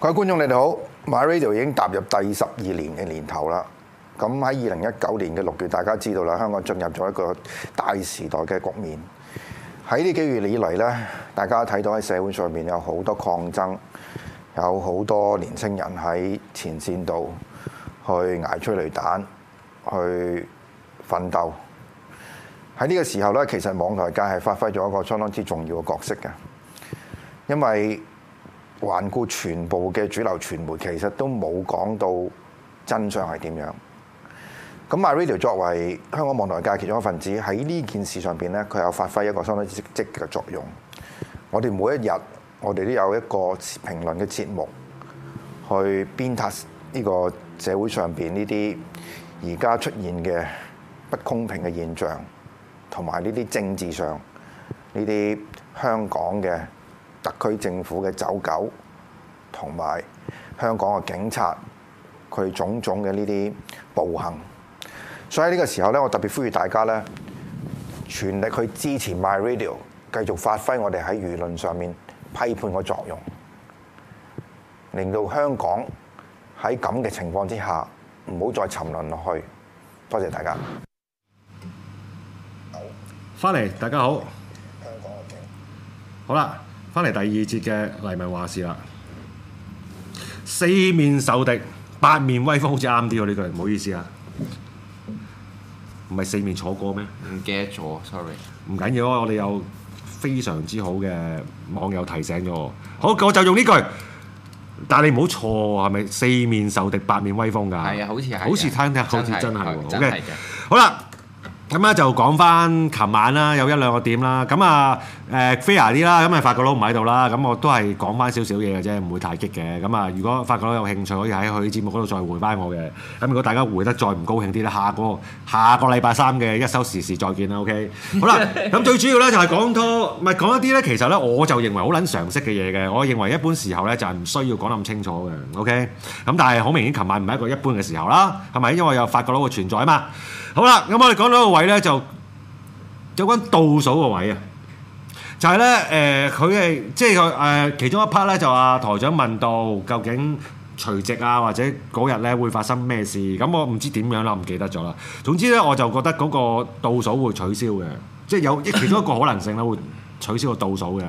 各位觀眾，你哋好！MyRadio 已經踏入第十二年嘅年頭啦。咁喺二零一九年嘅六月，大家知道啦，香港進入咗一個大時代嘅局面。喺呢幾月以嚟呢，大家睇到喺社會上面有好多抗爭，有好多年青人喺前線度去挨催淚彈，去奮鬥。喺呢個時候呢，其實網台界係發揮咗一個相當之重要嘅角色嘅，因為環顧全部嘅主流傳媒，其實都冇講到真相係點樣。咁 MyRadio 作為香港網台界其中一分子，喺呢件事上邊咧，佢有發揮一個相當積極嘅作用我，我哋每一日，我哋都有一個評論嘅節目，去鞭撻呢個社會上邊呢啲而家出現嘅不公平嘅現象，同埋呢啲政治上呢啲香港嘅。特區政府嘅走狗，同埋香港嘅警察，佢種種嘅呢啲暴行，所以呢個時候咧，我特別呼籲大家咧，全力去支持 My Radio，繼續發揮我哋喺輿論上面批判嘅作用，令到香港喺咁嘅情況之下唔好再沉淪落去。多謝大家。翻嚟好，大家好。香港嘅警，好啦。翻嚟第二節嘅黎民話事啦，四面受敵，八面威風，好似啱啲喎呢句，唔好意思啊，唔係四面楚歌咩？唔記得咗，sorry，唔緊要啊，我哋有非常之好嘅網友提醒咗我，好，我就用呢句，但係你唔好錯係咪？四面受敵，八面威風㗎，係啊，好似係，好似聽聽，好似真係，OK，好啦。咁咧就講翻琴晚啦，有一兩個點啦。咁啊誒，fair 啲啦，咁啊法國佬唔喺度啦。咁我都係講翻少少嘢嘅啫，唔會太激嘅。咁啊，如果法國佬有興趣，可以喺佢啲節目嗰度再回翻我嘅。咁如果大家回得再唔高興啲咧，下個下個禮拜三嘅一週時事再見啦。OK，好啦。咁最主要咧就係講多唔係講一啲咧，其實咧我就認為好撚常識嘅嘢嘅。我認為一般時候咧就係唔需要講得咁清楚嘅。OK，咁但係好明顯琴晚唔係一個一般嘅時候啦，係咪？因為有法國佬嘅存在啊嘛。好啦，咁我哋講到位咧就有關倒數個位啊，就係咧誒，佢係即係誒其中一 part 咧，就話台長問到：究竟除夕啊，或者嗰日咧會發生咩事？咁、嗯、我唔知點樣啦，唔記得咗啦。總之咧，我就覺得嗰個倒數會取消嘅，即係有其中一個可能性啦，會。 取消個倒數嘅，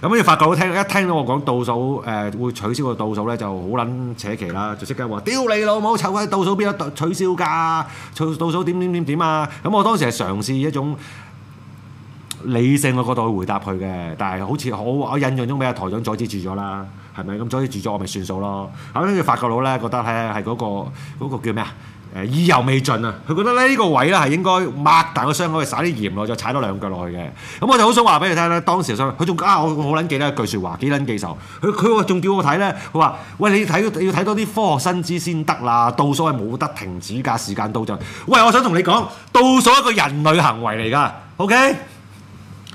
咁跟住法國佬聽一聽到我講倒數，誒、呃、會取消個倒數咧，就好撚扯旗啦，就即刻話：屌 你老母！臭鬼倒數邊度取消㗎？倒倒數點點點點啊！咁我當時係嘗試一種理性嘅角度去回答佢嘅，但係好似好，我印象中俾阿台長阻止住咗啦，係咪？咁阻止住咗我咪算數咯。咁跟住法國佬咧覺得咧係嗰個嗰、嗰個叫咩啊？意猶未盡啊！佢覺得呢、這個位呢係應該擘大個傷口去撒啲鹽落，再踩多兩腳落去嘅。咁、嗯、我就好想話俾你聽咧，當時佢仲啊，我好撚記得一句説話，幾撚記仇？佢佢仲叫我睇呢，佢話：喂，你睇要睇多啲科學新知先得啦。倒數係冇得停止㗎，時間到盡。喂，我想同你講，倒數係一個人類行為嚟㗎。OK，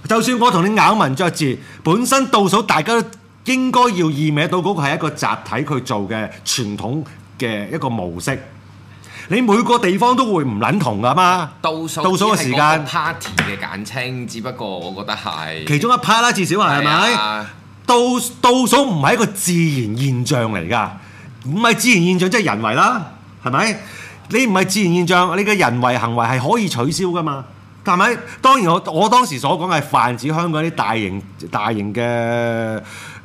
就算我同你咬文嚼字，本身倒數大家都應該要意歪到嗰個係一個集體去做嘅傳統嘅一個模式。你每個地方都會唔撚同噶嘛？倒數嘅時間，party 嘅簡稱，只不過我覺得係其中一 part 啦，至少係咪？倒倒數唔係一個自然現象嚟噶，唔係自然現象即係人為啦，係咪？你唔係自然現象，你嘅人為行為係可以取消噶嘛？係咪？當然我我當時所講係泛指香港啲大型大型嘅。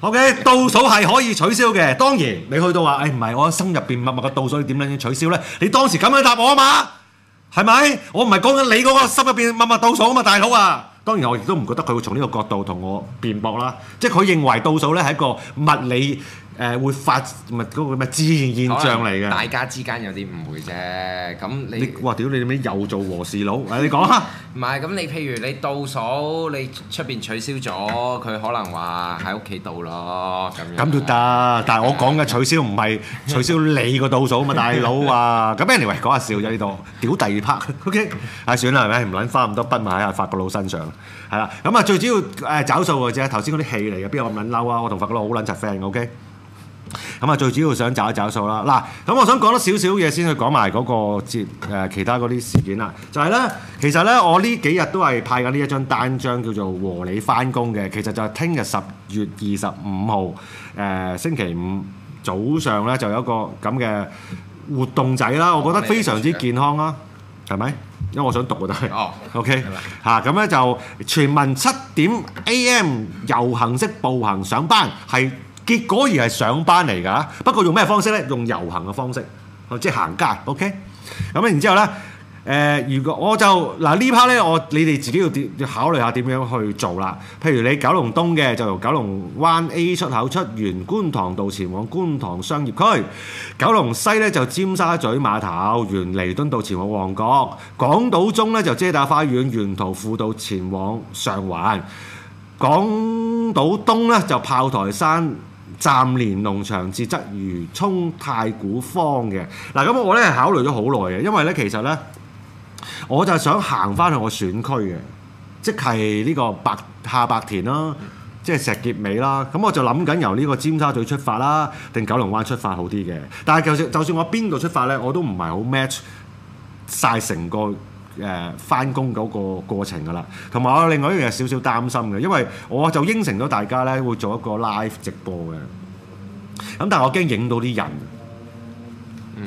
O.K. 倒數係可以取消嘅，當然你去到話，誒唔係我心入邊默默嘅倒數點樣先取消咧？你當時咁樣答我啊嘛？係咪？我唔係講緊你嗰個心入邊默默倒數啊嘛，大佬啊！當然我亦都唔覺得佢會從呢個角度同我辯駁啦，即係佢認為倒數咧係個物理。誒會發咪嗰、嗰個咪自然現象嚟嘅，大家之間有啲誤會啫。咁你，你哇屌你點咩？又做和事佬？ 你講下。唔係咁你譬如你倒數，你出邊取消咗，佢 可能話喺屋企倒咯。咁樣咁都得，但係我講嘅取消唔係取消你個倒數啊嘛， 大佬啊。咁 anyway 講下笑啫呢度，屌第二 part。O K，啊算啦係咪？唔撚花咁多筆埋喺阿發哥佬身上。係啦，咁啊最主要誒找數嘅啫。頭先嗰啲戲嚟嘅，邊有咁撚嬲啊？我同發哥佬好撚 friend O K。Okay? 咁啊，最主要想找一找數啦。嗱，咁我想講多少少嘢先去講埋嗰個接誒其他嗰啲事件啦。就係呢，其實呢，我呢幾日都係派緊呢一張單張叫做和你返工嘅。其實就係聽日十月二十五號誒星期五早上呢，就有一個咁嘅活動仔啦。我覺得非常之健康啦，係咪？因為我想讀啊，都係。哦。OK。吓，咁呢就全民七點 AM 遊行式步行上班係。結果而係上班嚟㗎，不過用咩方式呢？用遊行嘅方式，即係行街，OK。咁然之後呢、呃，如果我就嗱、呃、呢 part 咧，我你哋自己要，要考慮下點樣去做啦。譬如你九龍東嘅就由九龍灣 A 出口出，沿觀塘道前往觀塘商業區；九龍西呢，就尖沙咀碼頭沿彌敦道前往旺角；港島中呢，就遮打花園沿途輔道前往上環；港島東呢，就炮台山，暫連農場至鰂魚涌太古坊嘅，嗱，咁、啊、我咧考慮咗好耐嘅，因為咧其實咧，我就想行翻去我選區嘅，即係呢個白下白田啦，即係石硤尾啦，咁我就諗緊由呢個尖沙咀出發啦，定九龍灣出發好啲嘅。但係就算就算，我邊度出發咧，我都唔係好 match 晒成個。誒翻工嗰個過程㗎啦，同埋我另外一樣有少少擔心嘅，因為我就應承咗大家咧會做一個 live 直播嘅，咁但我驚影到啲人。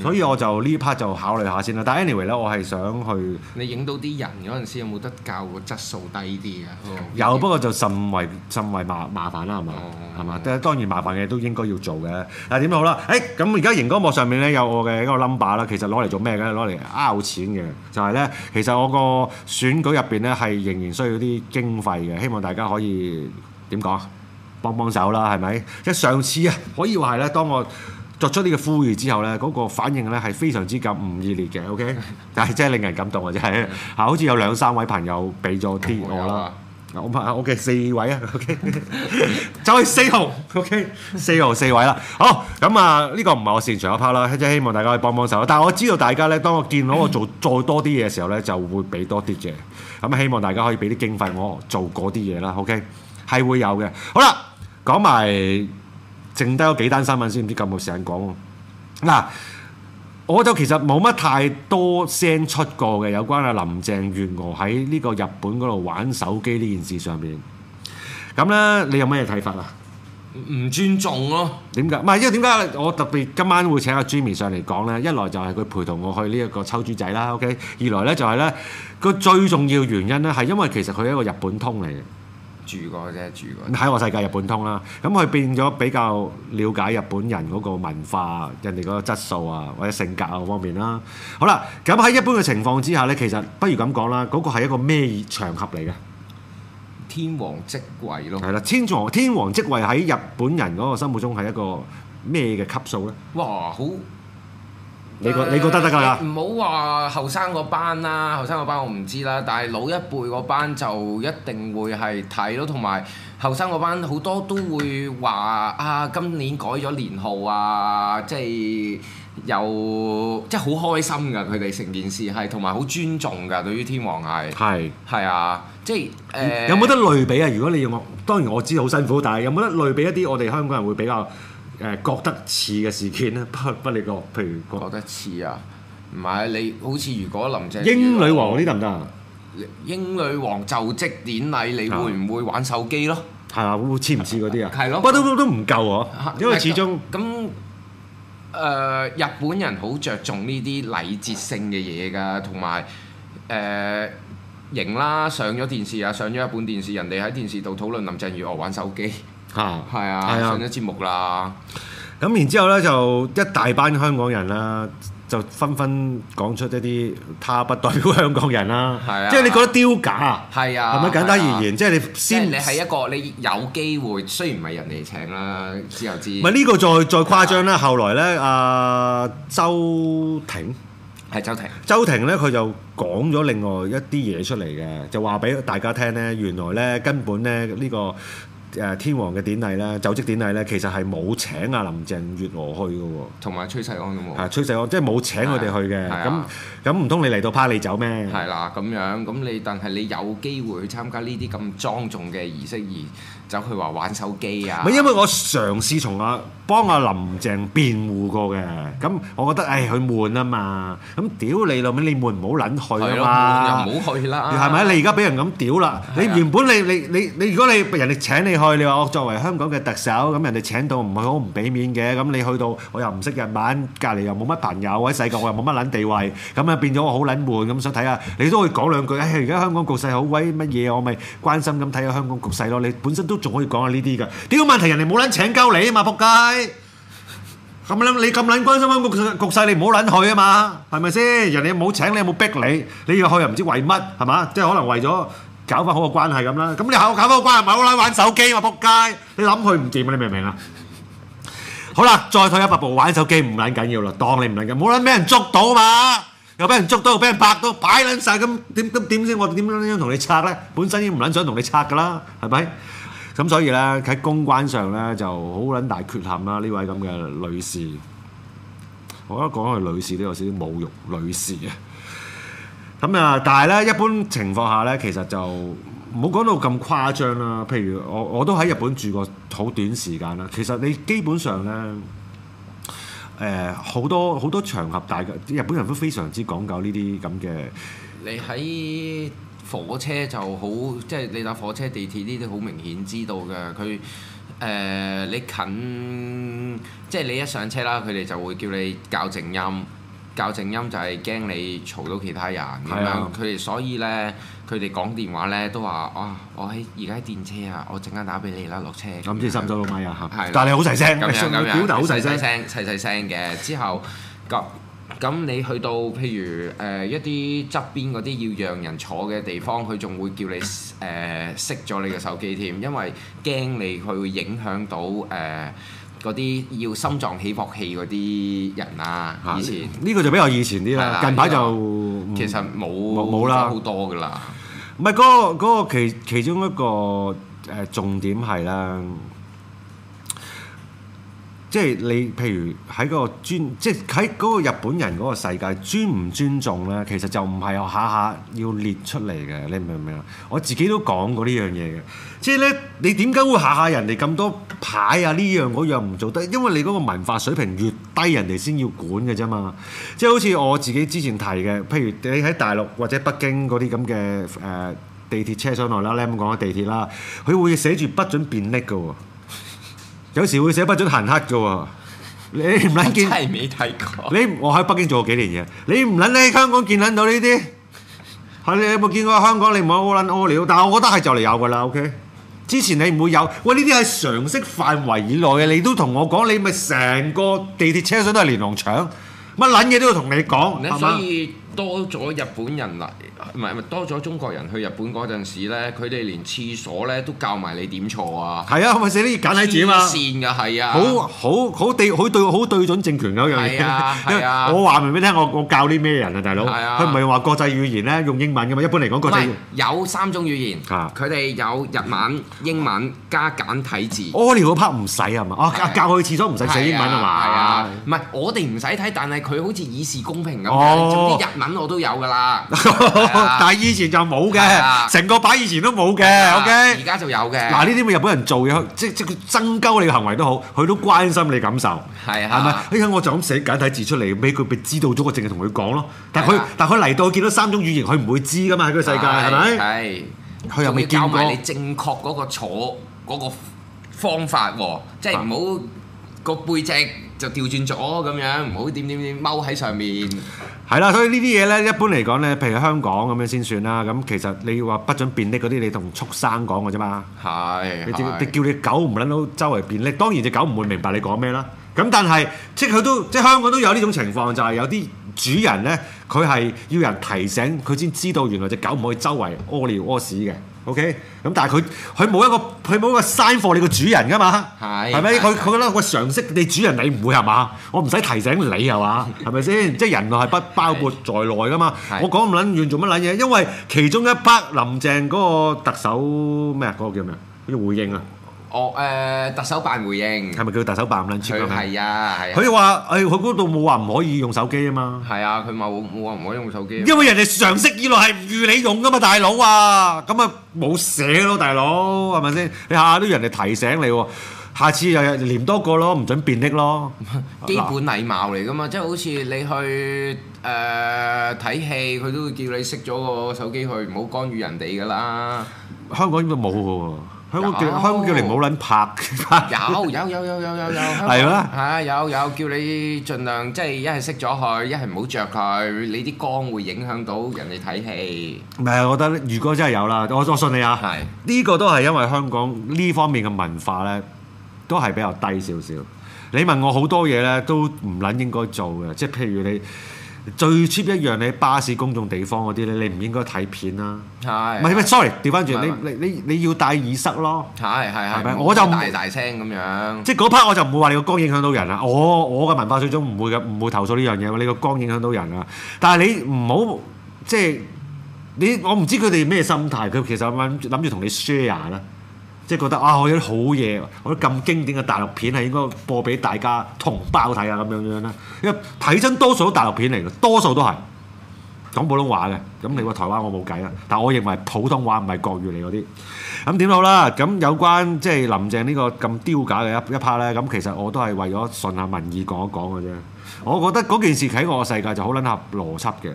所以我就呢 part、嗯、就考慮下先啦。但 anyway 咧，我係想去。你影到啲人嗰陣時，有冇得教個質素低啲啊？嗯、有，不過就甚為甚為麻麻煩啦，係嘛？係嘛、嗯？即當然麻煩嘅都應該要做嘅。但點都好啦，誒咁而家熒光幕上面咧有我嘅一個 number 啦。其實攞嚟做咩嘅？攞嚟拗錢嘅。就係、是、咧，其實我個選舉入邊咧係仍然需要啲經費嘅。希望大家可以點講？幫幫手啦，係咪？即係上次啊，可以話係咧，當我。當我作出呢個呼籲之後咧，嗰個反應咧係非常之咁唔熱烈嘅，OK，但係 真係令人感動啊！真係嚇，好似有兩三位朋友俾咗啲我啦，嗯、好唔怕，OK，四位啊，OK，走去 四號，OK，四號四位啦。好，咁啊，呢個唔係我擅長一 part 啦，即係希望大家可以幫幫手啦。但係我知道大家咧，當我見到我做再多啲嘢嘅時候咧，就會俾多啲嘅。咁希望大家可以俾啲經費我做嗰啲嘢啦，OK，係會有嘅。好啦，講埋。剩低咗幾單新聞先，唔知夠冇時間講嗱，我就其實冇乜太多聲出過嘅，有關阿林鄭月娥喺呢個日本嗰度玩手機呢件事上面。咁咧，你有咩睇法啊？唔尊重咯，點解？唔係因為點解？我特別今晚會請阿 Jimmy 上嚟講咧，一來就係佢陪同我去呢一個抽豬仔啦，OK。二來咧就係咧個最重要原因咧，係因為其實佢係一個日本通嚟嘅。住過啫，住過。睇《我世界日本通》啦，咁佢變咗比較了解日本人嗰個文化、人哋嗰個質素啊，或者性格啊方面啦。好啦，咁喺一般嘅情況之下呢，其實不如咁講啦，嗰個係一個咩場合嚟嘅？天皇職位咯。係啦，天皇天皇職位喺日本人嗰個心目中係一個咩嘅級數呢？哇！好。你覺你覺得得㗎啦？唔好話後生嗰班啦，後生嗰班我唔知啦，但係老一輩嗰班就一定會係睇咯，同埋後生嗰班好多都會話啊，今年改咗年號啊，即係又即係好開心㗎，佢哋成件事係同埋好尊重㗎，對於天皇係係係啊，即係誒、呃、有冇得類比啊？如果你要我，當然我知好辛苦，但係有冇得類比一啲我哋香港人會比較？誒覺得似嘅事件咧、啊，不不，你講，譬如覺得似啊，唔係啊，你好似如果林鄭英女王嗰啲得唔得啊？英女王就職典禮，你會唔會玩手機咯？係啊，會唔會似唔似嗰啲啊？係 咯，不過都那都唔夠啊，因為始終咁誒、呃、日本人好着重呢啲禮節性嘅嘢㗎，同埋誒型啦，上咗電視啊，上咗日本電視，人哋喺電視度討論林鄭月娥玩手機。嚇，係啊，啊啊上咗節目啦。咁然之後咧，就一大班香港人啦、啊，就紛紛講出一啲他不代表香港人啦。係啊，啊即係你覺得丟架？係啊，係咪簡單而言，啊、即係你先，你係一個你有機會，雖然唔係人哋請啦，自由資。唔係呢個再再誇張啦。啊、後來咧，阿周庭係周庭，周庭咧佢就講咗另外一啲嘢出嚟嘅，就話俾大家聽咧，原來咧根本咧呢、呢個。誒天皇嘅典禮咧，就職典禮咧，其實係冇請阿林鄭月娥去嘅喎，同埋崔世安都冇。啊，崔世安即係冇請佢哋去嘅。咁咁唔通你嚟到趴你走咩？係啦，咁樣咁你，但係你有機會去參加呢啲咁莊重嘅儀式而走去話玩手機啊？唔係，因為我嘗試從阿幫阿林鄭辯護過嘅，咁我覺得誒佢悶啊嘛，咁屌你老味，你悶唔好撚去啊嘛，又唔好去啦，係咪啊？你而家俾人咁屌啦，你原本你你你你，如果你人哋請你去。對，你話我作為香港嘅特首，咁人哋請到唔係好唔俾面嘅，咁你去到我又唔識日文，隔離又冇乜朋友，喺世界我又冇乜撚地位，咁咪變咗我好撚悶。咁想睇下，你都可以講兩句。唉，而家香港局勢好威乜嘢，我咪關心咁睇下香港局勢咯。你本身都仲可以講下呢啲㗎。點解問題？人哋冇撚請鳩你啊嘛，仆街。咁樣你咁撚關心香港局勢，你唔好撚去啊嘛，係咪先？人哋冇請，你有冇逼你？你要去又唔知為乜，係嘛？即係可能為咗。搞翻好個關係咁啦，咁你係度搞翻好關係，咪好撚玩手機嘛？仆街！你諗佢唔掂啊？你明唔明啊？好啦，再退一百步，玩手機唔撚緊要啦，當你唔撚緊，冇撚俾人捉到嘛？又俾人捉到，又俾人拍到，擺撚曬咁點？咁點先我點樣點樣同你拆咧？本身已經唔撚想同你拆噶啦，係咪？咁所以咧喺公關上咧就好撚大缺陷啦！呢位咁嘅女士，我覺得講佢女士都有少少侮辱女士嘅。咁啊！但係咧，一般情況下咧，其實就唔好講到咁誇張啦。譬如我我都喺日本住過好短時間啦，其實你基本上咧，誒、呃、好多好多場合大，大日本人都非常之講究呢啲咁嘅。你喺火車就好，即、就、係、是、你搭火車地鐵呢啲好明顯知道嘅。佢誒、呃、你近即係、就是、你一上車啦，佢哋就會叫你校靜音。教靜音就係驚你嘈到其他人咁是、啊、樣。佢哋所以咧，佢哋講電話咧都話，啊，我喺而家喺電車啊，我陣間打俾你啦，落車。咁唔知收唔收到米啊？係、嗯。但係你好細聲，咁上表達好細聲，細細聲嘅。之後咁咁你去到譬如誒、呃、一啲側邊嗰啲要讓人坐嘅地方，佢仲會叫你誒熄咗你嘅手機添，因為驚你佢會影響到誒。呃啲要心臟起搏器嗰啲人啊，以前呢、啊，這個就比較以前啲啦，的近排就的、嗯、其實冇冇啦，好多㗎啦。唔係嗰個嗰個其其中一個誒、呃、重點係啦。即係你，譬如喺個尊，即係喺嗰個日本人嗰個世界尊唔尊重咧，其實就唔係我下下要列出嚟嘅，你明唔明啊？我自己都講過呢樣嘢嘅，即係咧，你點解會下下人哋咁多牌啊？呢樣嗰樣唔做得，因為你嗰個文化水平越低，人哋先要管嘅啫嘛。即係好似我自己之前提嘅，譬如你喺大陸或者北京嗰啲咁嘅誒地鐵車廂內啦，你咁講地鐵啦，佢會寫住不准便溺嘅喎。有時會寫不准行黑嘅喎，你唔撚見？真係未睇過你。你我喺北京做過幾年嘢，你唔撚喺香港見撚到呢啲？係你有冇見過香港？你唔好屙撚屙尿，但係我覺得係就嚟有㗎啦。OK，之前你唔會有。喂，呢啲係常識範圍以內嘅，你都同我講，你咪成個地鐵車上都係連儂牆乜撚嘢都要同你講，係嘛、嗯？吧多咗日本人嚟，唔係唔係多咗中國人去日本嗰陣時咧，佢哋連廁所咧都教埋你點坐啊！係啊，係咪寫啲簡體字啊嘛！黐線噶係啊！好好好對好對好對準政權嗰樣嘢啊！我話明俾你聽，我我教啲咩人啊，大佬？佢唔係話國際語言咧，用英文㗎嘛？一般嚟講，國際語有三種語言，佢哋有日文、英文加簡體字。屙尿嗰 part 唔使係嘛？啊教去廁所唔使寫英文係嘛？係啊，唔係我哋唔使睇，但係佢好似以示公平咁，做啲日文。我都有噶啦，但係以前就冇嘅，成個版以前都冇嘅，OK。而家就有嘅。嗱，呢啲日本人做嘢，即即佢尊重你嘅行為都好，佢都關心你感受，係係咪？依家我就咁寫簡體字出嚟，俾佢咪知道咗，我淨係同佢講咯。但佢但佢嚟到見到三種語言，佢唔會知噶嘛，喺個世界係咪？係。佢又未教埋你正確嗰個坐嗰個方法喎，即係唔好個背脊。就調轉咗咁樣，唔好點點點踎喺上面。係啦，所以呢啲嘢咧，一般嚟講咧，譬如香港咁樣先算啦。咁其實你話不准便溺嗰啲，你同畜生講嘅啫嘛。係，你叫你狗唔撚到周圍便溺，當然隻狗唔會明白你講咩啦。咁但係即係佢都即係香港都有呢種情況，就係有啲主人咧，佢係要人提醒佢先知道原來隻狗唔可以周圍屙尿屙屎嘅。OK，咁但係佢佢冇一個佢冇一個 sign for 你個主人噶嘛，係咪的？佢佢吧覺得個常識你主人你唔會係嘛？我唔使提醒你係嘛？係咪先？即係 人類係不包括在內噶嘛？的我講咁撚遠做乜撚嘢？因為其中一筆林鄭嗰個特首咩嗰、嗰個叫咩？嗰個、叫回應啊！哦，誒特首辦回應係咪叫特首辦唔撚接啊？係啊，係。佢話：誒，佢嗰度冇話唔可以用手機啊嘛。係啊，佢冇冇話唔可以用手機。因為人哋常識以來係唔預你用噶嘛，大佬啊，咁啊冇寫咯，大佬係咪先？你下下都要人哋提醒你喎，下次又又連多個咯，唔準便溺咯。基本禮貌嚟噶嘛，即係好似你去誒睇戲，佢都會叫你熄咗個手機去，唔好干預人哋噶啦。香港應該冇嘅喎。開會叫你唔好撚拍，有有有有有有有，係啦，係啊，有有叫你盡量即係一係熄咗佢，一係唔好着佢，你啲光會影響到人哋睇戲。唔係、嗯，我覺得如果真係有啦，我信你啊，係呢是個都係因為香港呢方面嘅文化咧，都係比較低少少。你問我好多嘢咧，都唔撚應該做嘅，即係譬如你。最 cheap 一樣，你喺巴士公眾地方嗰啲咧，你唔應該睇片啦，啊。係是的，唔 sorry 掉翻轉，你你你要戴耳塞咯。係係係，咪的的我就唔大大聲咁樣。即係嗰 part 我就唔會話你個光影響到人啊。我我嘅文化水準唔會嘅，唔會投訴呢樣嘢你個光影響到人啊，但係你唔好即係你，我唔知佢哋咩心態，佢其實諗住同你 share 啦。即係覺得啊，我有啲好嘢，我覺得咁經典嘅大陸片係應該播俾大家同胞睇啊，咁樣樣啦。因為睇真多數都大陸片嚟嘅，多數都係講普通話嘅。咁你話台灣我冇計啦。但我認為普通話唔係國語嚟嗰啲。咁點好啦？咁有關即係林鄭呢個咁丟架嘅一一 part 咧，咁其實我都係為咗順下民意講一講嘅啫。我覺得嗰件事喺我世界就好撚合邏輯嘅。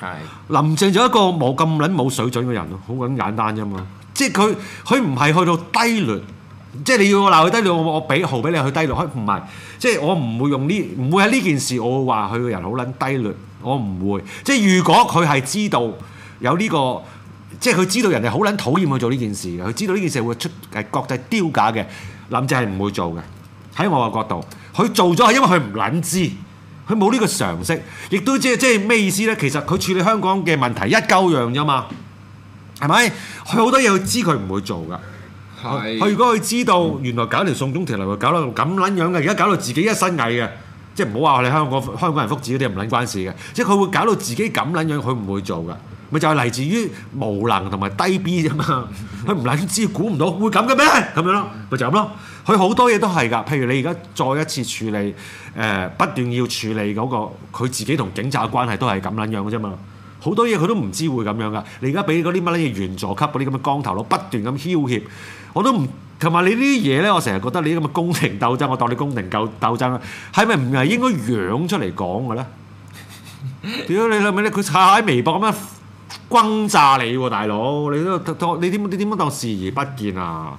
係林鄭就一個冇咁撚冇水準嘅人咯，好撚簡單啫嘛。即係佢，佢唔係去到低劣，即係你要我鬧佢低劣，我我俾號俾你去低劣，佢唔係，即係我唔會用呢，唔會喺呢件事我會話佢個人好撚低劣，我唔會。即係如果佢係知道有呢個，即係佢知道人哋好撚討厭去做呢件事嘅，佢知道呢件事會出係國際丟架嘅，林鄭係唔會做嘅。喺我嘅角度，佢做咗係因為佢唔撚知，佢冇呢個常識，亦都即係即係咩意思咧？其實佢處理香港嘅問題一鳩樣啫嘛。係咪？佢好多嘢佢知佢唔會做噶。佢的如果佢知道、嗯、原來搞條送中條例，會搞到咁撚樣嘅，而家搞到自己一身蟻嘅，即係唔好話你香港香港人福祉嗰啲唔撚關事嘅，即係佢會搞到自己咁撚樣，佢唔會做噶。咪就係、是、嚟自於無能同埋低 B 啫嘛。佢唔撚知，估唔到會咁嘅咩咁樣咯。咪就咁、是、咯。佢好多嘢都係㗎。譬如你而家再一次處理誒、呃，不斷要處理嗰、那個佢自己同警察嘅關係都、都係咁撚樣嘅啫嘛。好多嘢佢都唔知會咁樣噶，你而家俾嗰啲乜嘢援助級嗰啲咁嘅光頭佬不斷咁要脅，我都唔同埋你呢啲嘢呢，我成日覺得你咁嘅宮廷鬥爭，我當你宮廷鬥鬥爭啦，係咪唔係應該養出嚟講嘅咧？屌 你老味咧，佢刷喺微博咁樣轟炸你喎、啊，大佬，你都你點你點樣當視而不見啊？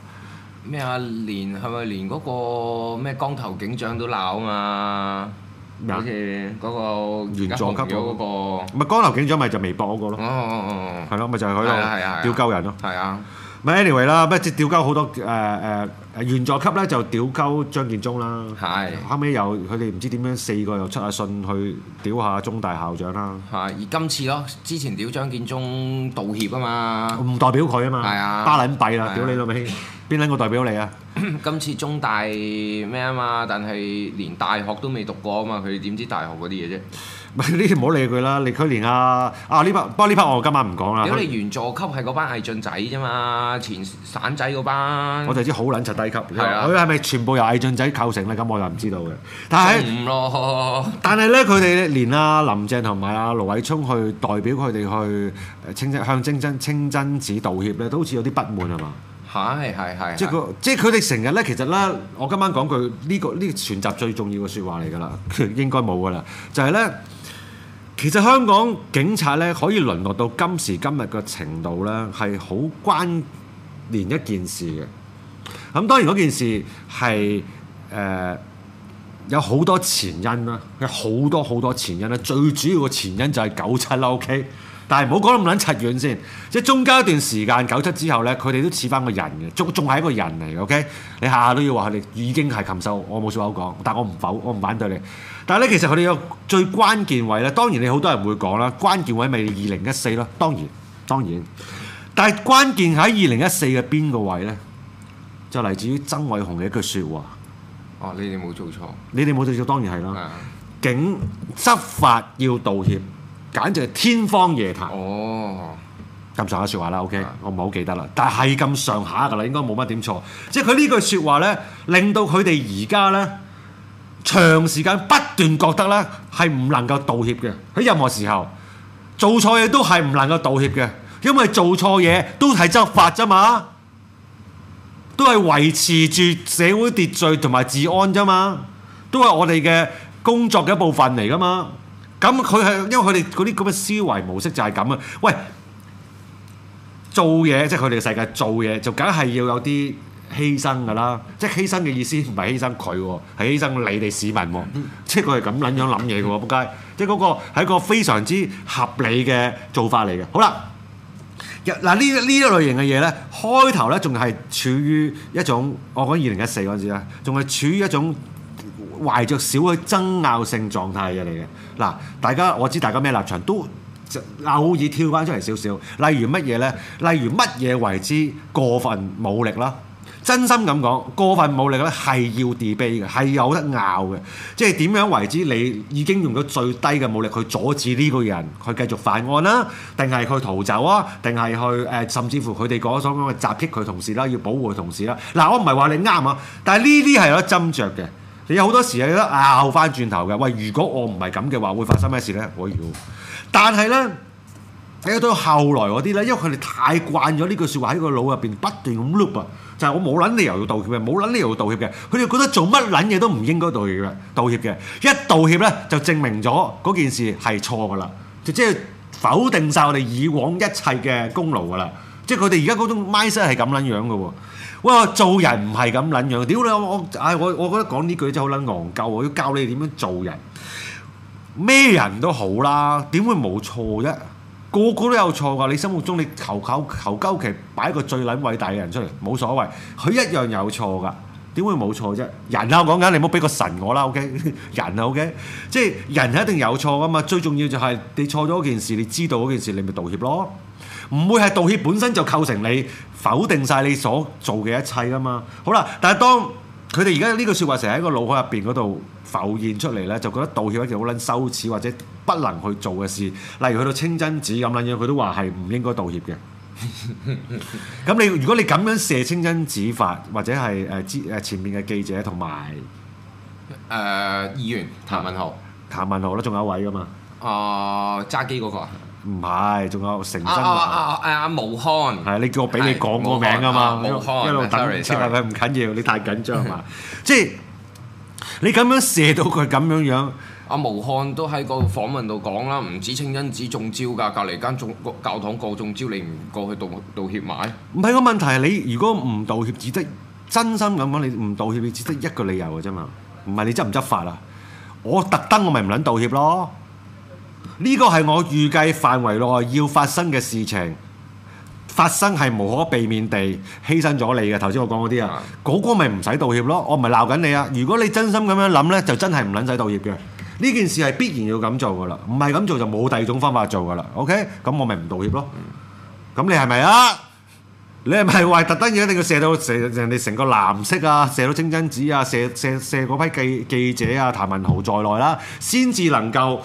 咩啊？連係咪連嗰、嗰個咩光頭警長都鬧啊嘛？好似嗰個，個原狀級嗰個，咪係江流警長咪就微博嗰個咯、嗯，係咯，咪就係佢咯，吊鳩人咯，咪 anyway 啦，咪即係吊鳩好多誒誒。呃原座級咧就屌鳩張建宗啦，是後尾又佢哋唔知點樣四個又出下信去屌下中大校長啦，而今次咯，之前屌張建宗道歉啊嘛，唔、嗯、代表佢啊嘛，啊，巴撚閉啦，屌、啊、你老味，邊撚、啊、個代表你啊？今次中大咩啊嘛，但係連大學都未讀過啊嘛，佢哋點知大學嗰啲嘢啫？唔呢啲唔好理佢啦，你佢 連啊。阿呢 p 不過呢 part 我今晚唔講啦。如果你員佐級係嗰班毅進仔啫嘛，前散仔嗰班，我就知好撚柒低級。佢係咪全部由毅進仔構成咧？咁我又唔知道嘅。但係、嗯哦、但係咧，佢哋連阿林鄭同埋阿盧偉聰去代表佢哋去清向清真清真寺道歉咧，都好似有啲不滿係嘛？係係係。即係佢哋成日咧，其實咧，我今晚講句呢、呢個呢、呢個呢個、全集最重要嘅説話嚟㗎啦，佢應該冇㗎啦，就係、是、咧。其實香港警察咧可以淪落到今時今日嘅程度咧，係好關連一件事嘅。咁當然嗰件事係誒、呃、有好多前因啦，有好多好多前因啦。最主要嘅前因就係九七啦，OK。但係唔好講得咁撚柒樣先，即係中間一段時間九七之後咧，佢哋都似翻個人嘅，仲仲係一個人嚟嘅。OK，你下下都要話佢哋已經係禽獸，我冇說話好講，但我唔否，我唔反對你。但係咧，其實佢哋有最關鍵位咧，當然你好多人會講啦，關鍵位咪二零一四咯。當然，當然，但係關鍵喺二零一四嘅邊個位咧？就嚟自於曾偉雄嘅一句説話。哦、啊，你哋冇做錯，你哋冇做錯，當然係啦。的警執法要道歉。簡直係天方夜譚哦！咁上下説話啦，OK，的我唔係好記得啦，但係咁上下噶啦，應該冇乜點錯。即係佢呢句説話咧，令到佢哋而家咧，長時間不斷覺得咧，係唔能夠道歉嘅。喺任何時候做錯嘢都係唔能夠道歉嘅，因為做錯嘢都係執法啫嘛，都係維持住社會秩序同埋治安啫嘛，都係我哋嘅工作嘅一部分嚟噶嘛。咁佢係因為佢哋嗰啲咁嘅思維模式就係咁啊！喂，做嘢即係佢哋嘅世界做嘢就梗係要有啲犧牲㗎啦，即係犧牲嘅意思唔係犧牲佢喎，係犧牲你哋市民喎， 即係佢係咁撚樣諗嘢嘅喎，仆街！即係嗰個係一個非常之合理嘅做法嚟嘅。好啦，嗱呢呢一類型嘅嘢咧，開頭咧仲係處於一種，我講二零一四嗰陣時咧，仲係處於一種。懷着少嘅爭拗性狀態嘅嚟嘅。嗱，大家我知大家咩立場都偶爾跳翻出嚟少少，例如乜嘢呢？例如乜嘢為之過分武力啦？真心咁講過分武力咧係要自 e 嘅，係有得拗嘅，即係點樣為之？你已經用咗最低嘅武力去阻止呢個人去繼續犯案啦、啊，定係佢逃走啊？定係去誒甚至乎佢哋講所講嘅襲擊佢同事啦、啊，要保護同事啦、啊、嗱？我唔係話你啱啊，但係呢啲係有得斟酌嘅。你有好多時係得拗翻轉頭嘅，喂！如果我唔係咁嘅話，會發生咩事咧？可以喎。但係咧，你睇到後來嗰啲咧，因為佢哋太慣咗呢句説話喺個腦入邊不斷咁 loop 啊，就係我冇撚理由要道歉嘅，冇撚理由要道歉嘅。佢哋覺得做乜撚嘢都唔應該道歉嘅，道歉嘅一道歉咧就證明咗嗰件事係錯㗎啦，就即係否定晒我哋以往一切嘅功勞㗎啦。即係佢哋而家嗰種 mindset 係咁撚樣嘅喎。哇！做人唔係咁撚樣，屌你我我，唉我我覺得講呢句真係好撚戇鳩，我要教你點樣做人。咩人都好啦，點會冇錯啫？個個都有錯㗎，你心目中你求求求求其擺一個最撚偉大嘅人出嚟，冇所謂，佢一樣有錯㗎。點會冇錯啫？人啊，我講緊你唔好俾個神我啦，OK？人啊，OK？即係人係一定有錯㗎嘛，最重要就係你錯咗嗰件事，你知道嗰件事，你咪道歉咯。唔會係道歉本身就構成你。否定晒你所做嘅一切㗎嘛！好啦，但係當佢哋而家呢句説話成日喺個腦海入邊嗰度浮現出嚟咧，就覺得道歉一件好撚羞恥或者不能去做嘅事。例如去到清真寺咁撚樣，佢都話係唔應該道歉嘅。咁 你如果你咁樣射清真寺法或者係誒前面嘅記者同埋誒議員譚文豪、譚文豪啦，仲有一位㗎嘛？啊、呃，揸機嗰個啊！唔係，仲有成真啊！阿阿毛漢，係你叫我俾你講個名啊嘛！一路等唔切佢，唔緊要，你太緊張嘛！ 即係你咁樣射到佢咁樣樣，阿毛、啊、漢都喺個訪問度講啦，唔止清真寺中招㗎，隔離間個教堂個中招，你唔過去道道歉埋。唔係、個問題係你，如果唔道歉，只得真心咁樣，你唔道歉，你只得一個理由㗎啫嘛！唔係你執唔執法啊？我特登我咪唔撚道歉咯！呢個係我預計範圍內要發生嘅事情，發生係無可避免地犧牲咗你嘅。頭先我講嗰啲啊，嗰個咪唔使道歉咯，我唔係鬧緊你啊！如果你真心咁樣諗呢，就真係唔撚使道歉嘅。呢件事係必然要咁做噶啦，唔係咁做就冇第二種方法做噶啦。OK，咁我咪唔道歉咯。咁你係咪啊？你係咪話特登要一定要射到射人哋成個藍色啊？射到清真寺啊？射射射嗰批記記者啊？譚文豪在內啦，先至能夠。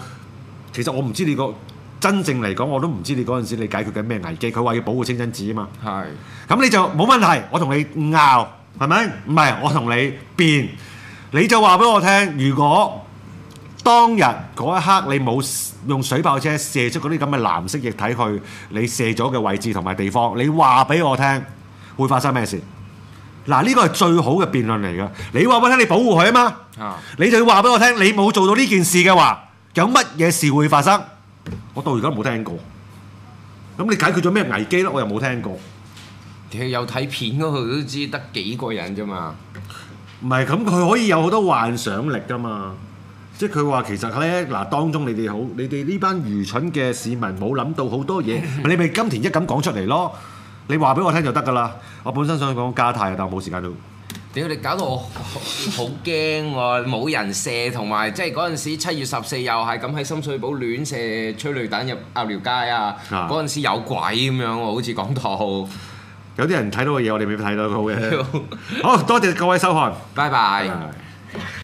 其實我唔知你個真正嚟講，我都唔知你嗰陣時你解決緊咩危機。佢話要保護清真寺啊嘛。係。咁你就冇問題，我同你拗，係咪？唔係，我同你辯。你就話俾我聽，如果當日嗰一刻你冇用水炮車射出嗰啲咁嘅藍色液體去你射咗嘅位置同埋地方，你話俾我聽會發生咩事？嗱，呢個係最好嘅辯論嚟㗎。你話俾我聽，你保護佢啊嘛。啊。你就要話俾我聽，你冇做到呢件事嘅話。有乜嘢事會發生？我到而家冇聽過。咁你解決咗咩危機咧？我又冇聽過。其實有睇片囉，佢都知，得幾個人啫嘛？唔係，咁佢可以有好多幻想力噶嘛？即係佢話其實咧，嗱，當中你哋好，你哋呢班愚蠢嘅市民冇諗到好多嘢， 你咪金田一咁講出嚟咯。你話俾我聽就得㗎啦。我本身想講加泰，但我冇時間到。屌你！搞到我好驚喎，冇人射同埋，即係嗰陣時七月十四又係咁喺深水埗亂射催淚彈入鴨寮街啊！嗰陣時有鬼咁樣喎，好似講到有啲人睇到嘅嘢，我哋未睇到嘅 好嘅，好多謝各位收看，拜拜。